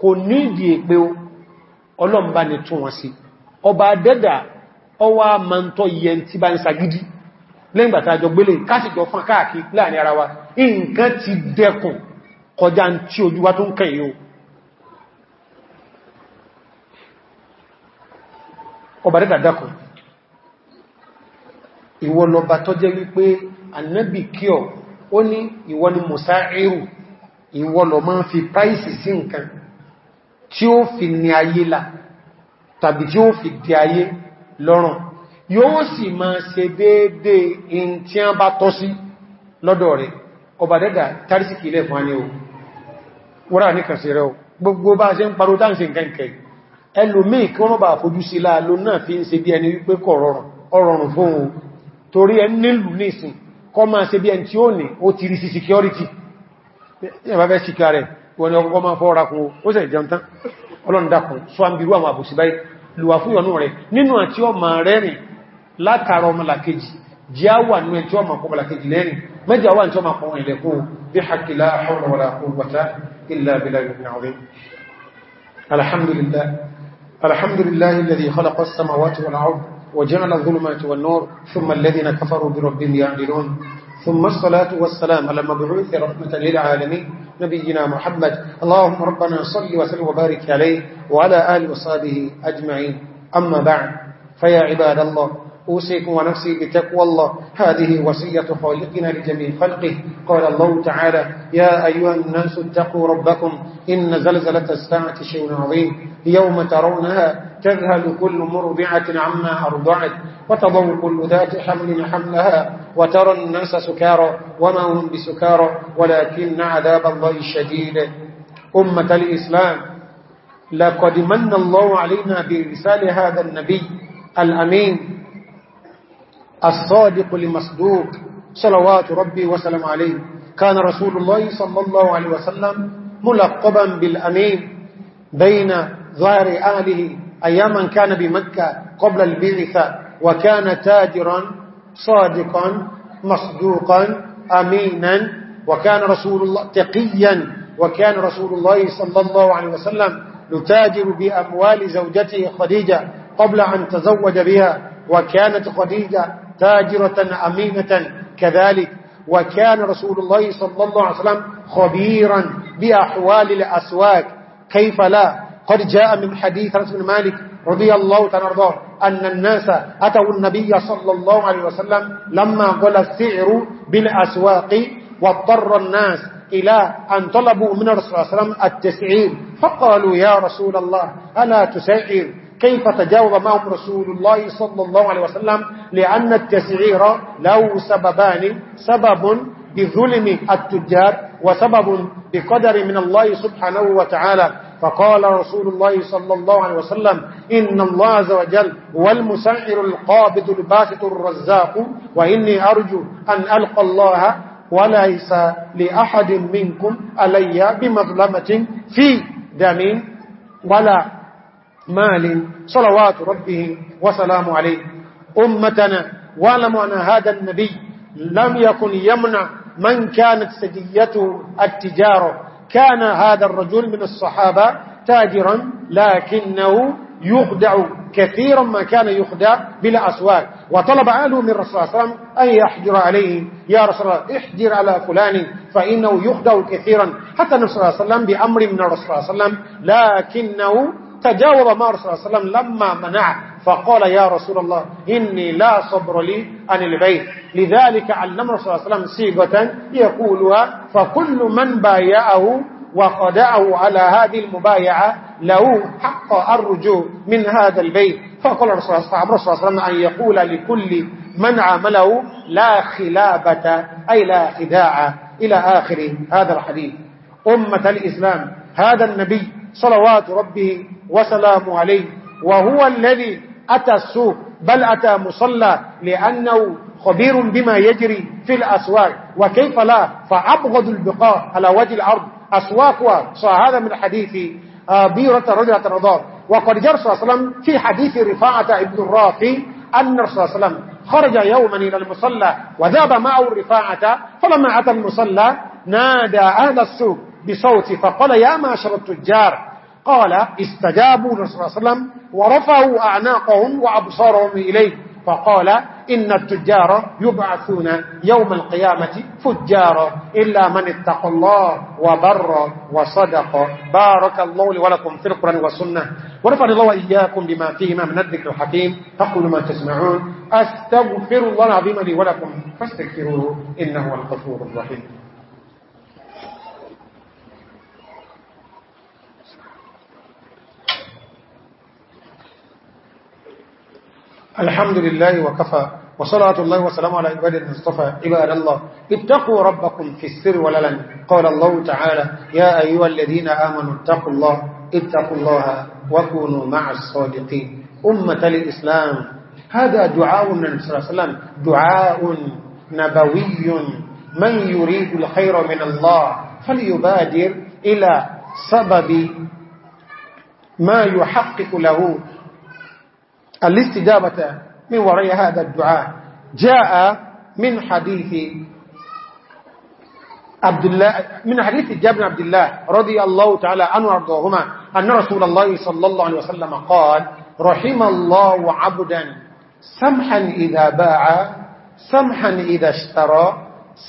kò ní ìdí èpé ọlọ́mbà ni tún wọn sí ọba dẹ́dà ọwá ma ń tọ́ yẹ tí bá ń sagidi lẹ́gbàtà àjọ gbélé kásìjọ fún káàkiri láàrin ara wa nǹkan ti dẹkùn kọjá tí ojú ni musairu ìwọ lọ máa ń fi price sí nǹkan tí ó fi ní ayé la tàbí tí ó fi di ayé lọ́rùn yóò sì máa ṣe déédé in tí a bá tọ́ sí lọ́dọ̀ rẹ̀ ọba dẹ́dà tárísìkì ilẹ̀ fún aníwò wọ́rà ní kàṣẹ rẹ̀ gbogbo bá ṣe ń paró tá ń ṣe nǹkan kẹ ẹlòmíì kí wọ́n bá fojú sí láàlò náà fi ń ṣe bí ẹni wípé kọ̀ rọrùn fún wọ́n ni ọkọ̀ máa fọ́ra kún ó sẹ́ jẹun tán ọlọ́ndàkùn sọ àmìrú àwọn àbòsí báyìí lùwà fún ìwọ̀nú rẹ̀ nínú àti ọmọ rẹ̀ rìn látara ọmọlàkejì jẹ́ wà ní ẹ̀tí ọmọ ọmọlàkejì lẹ́rìn mẹ́jọ wà ní ọmọ ọmọ ilẹ̀kùn ثم الصلاة والسلام على مبعوث رحمة للعالمين نبينا محمد اللهم ربنا صل وسلم وبارك عليه وعلى آل وصحبه أجمعين أما بعد فيا عباد الله أوصيكم ونفسي بتقوى الله هذه وصية خالقنا لجميع خلقه قال الله تعالى يا أيها الناس اتقوا ربكم إن زلزلة الساعة شيء عظيم يوم ترونها تذهل كل مرضعة عما أرضعت وتضع كل ذات حمل حملها وترى الناس سكارى وما هم بسكارى ولكن عذاب الله الشديد أمة الإسلام لقد من الله علينا برسال هذا النبي الأمين الصادق لمصدوق صلوات ربي وسلم عليه كان رسول الله صلى الله عليه وسلم ملقبا بالأمين بين ظهر آله أياما كان بمكة قبل البعثة وكان تاجرا صادقا مصدوقا أمينا وكان رسول الله تقيا وكان رسول الله صلى الله عليه وسلم يتاجر بأموال زوجته خديجة قبل أن تزوج بها وكانت خديجة تاجرة أمينة كذلك وكان رسول الله صلى الله عليه وسلم خبيرا بأحوال الأسواق كيف لا قد جاء من حديث أنس بن مالك رضي الله تنرضاه أن الناس أتوا النبي صلى الله عليه وسلم لما قل السعر بالأسواق واضطر الناس إلى أن طلبوا من رسول الله عليه وسلم التسعير فقالوا يا رسول الله ألا تسعر كيف تجاوب معهم رسول الله صلى الله عليه وسلم لأن التسعير له سببان سبب بظلم التجار وسبب بقدر من الله سبحانه وتعالى فقال رسول الله صلى الله عليه وسلم إن الله عز وجل والمسعر القابض الباسط الرزاق وإني أرجو أن ألقى الله وليس لأحد منكم علي بمظلمة في دم ولا مال صلوات ربه وسلام عليه أمتنا واعلموا أن هذا النبي لم يكن يمنع من كانت سجيته التجارة كان هذا الرجل من الصحابة تاجرا لكنه يخدع كثيرا ما كان يخدع بلا أسواق وطلب أهله من رسول الله صلى الله عليه وسلم أن يحجر عليه يا رسول الله احجر على فلان فإنه يخدع كثيرا حتى النبي صلى الله عليه وسلم بأمر من الرسول صلى الله عليه وسلم لكنه تجاوب مع الرسول صلى الله عليه وسلم لما منعه فقال يا رسول الله إني لا صبر لي عن البيت لذلك علم رسول الله صلى الله عليه وسلم صيغة يقولها فكل من بايعه وقدعه على هذه المبايعة له حق الرجوع من هذا البيت فقال رسول الله صلى الله عليه وسلم أن يقول لكل من عامله لا خلابة أي لا خداع إلى آخر هذا الحديث أمة الإسلام هذا النبي صلوات ربه وسلام عليه وهو الذي أتى السوق بل أتى مصلى لأنه خبير بما يجري في الأسواق وكيف لا فأبغض البقاء على وجه الأرض أسواقها صح هذا من حديث آه، بيرة رجلة رضاه وقد جرى صلى الله عليه وسلم في حديث رفاعة ابن الرافي أن الرسول صلى الله عليه وسلم خرج يوما إلى المصلى وذهب معه الرفاعة فلما أتى المصلى نادى أهل السوق بصوت فقال يا معشر التجار قال استجابوا للرسول صلى الله عليه وسلم ورفعوا أعناقهم وأبصارهم إليه فقال إن التجار يبعثون يوم القيامة فجارا إلا من اتقى الله وبر وصدق بارك الله لي ولكم في القرآن والسنة ورفع الله إياكم بما فيهما من الذكر الحكيم تقول ما تسمعون أستغفر الله العظيم لي ولكم فاستغفروه إنه الغفور الرحيم الحمد لله وكفى وصلاة الله وسلام على عباد المصطفى عباد الله اتقوا ربكم في السر وللن قال الله تعالى يا أيها الذين آمنوا اتقوا الله اتقوا الله وكونوا مع الصادقين أمة الإسلام هذا دعاء من صلى الله عليه وسلم دعاء نبوي من يريد الخير من الله فليبادر إلى سبب ما يحقق له الاستجابة من وراء هذا الدعاء جاء من حديث عبد الله من حديث جابر عبد الله رضي الله تعالى عنه وارضاهما أن رسول الله صلى الله عليه وسلم قال رحم الله عبدا سمحا إذا باع سمحا إذا اشترى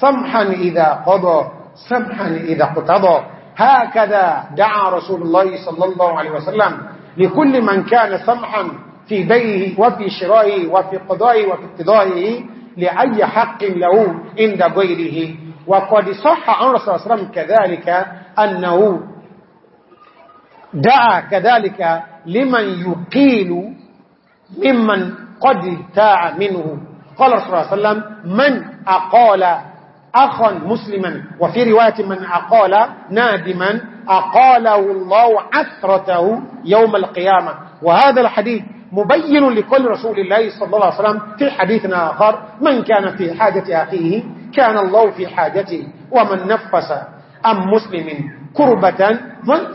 سمحا إذا قضى سمحا إذا اقتضى هكذا دعا رسول الله صلى الله عليه وسلم لكل من كان سمحا في بيعه وفي شرائه وفي قضائه وفي اقتضائه لأي حق له عند غيره وقد صح عن رسول الله وسلم كذلك أنه دعا كذلك لمن يقيل ممن قد ابتاع منه قال رسول الله صلى الله عليه وسلم من أقال أخا مسلما وفي رواية من أقال نادما أقاله الله عثرته يوم القيامة وهذا الحديث مبين لقول رسول الله صلى الله عليه وسلم في حديث آخر من كان في حاجة أخيه كان الله في حاجته ومن نفس أم مسلم كربة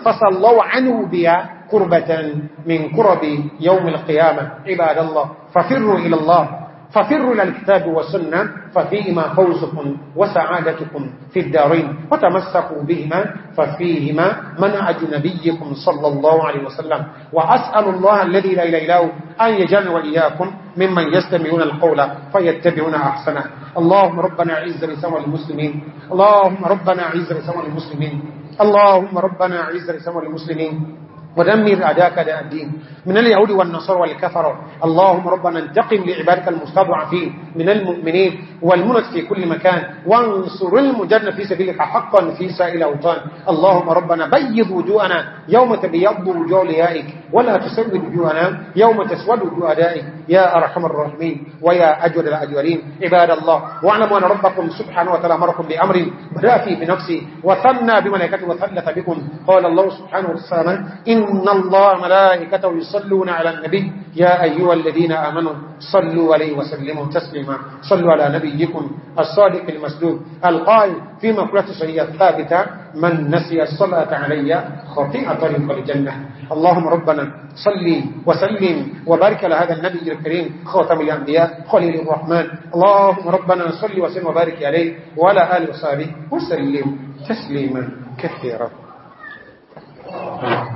فصل الله عنه بها كربة من كرب يوم القيامة عباد الله ففروا إلى الله ففروا إلى الكتاب والسنة ففيهما فوزكم وسعادتكم في الدارين وتمسكوا بهما ففيهما منع نبيكم صلى الله عليه وسلم وأسأل الله الذي لا إله هو أن يجعل وإياكم ممن يستمعون القول فيتبعون أحسنه اللهم ربنا عز لسوى المسلمين اللهم ربنا عز لسوى المسلمين اللهم ربنا عز لسوى المسلمين ودمر أداك أداء الدين من اليهود والنصارى والكفر اللهم ربنا انتقم لعبادك المستضعفين من المؤمنين والمنس في كل مكان وانصر المجن في سبيلك حقا في سائل أوطان اللهم ربنا بيض وجوهنا يوم تبيض وجوه ليائك ولا تسود وجوهنا يوم تسود وجوه أدائك يا أرحم الراحمين ويا أجود الأجولين عباد الله واعلموا أن ربكم سبحانه وتعالى أمركم بأمر بدأ فيه بنفسي وثنى بملائكته وثلث بكم قال الله سبحانه وتعالى إن إن الله ملائكته يصلون على النبي يا أيها الذين آمنوا صلوا عليه وسلموا تسليما صلوا على نبيكم الصادق المسلوب القائل في مقرة صحية ثابتة من نسي الصلاة علي خطيئة طريق الجنة اللهم ربنا صلي وسلم وبارك على هذا النبي الكريم خاتم الأنبياء خليل الرحمن اللهم ربنا صلي وسلم وبارك عليه وعلى آله وصحبه وسلم تسليما كثيرا Thank you.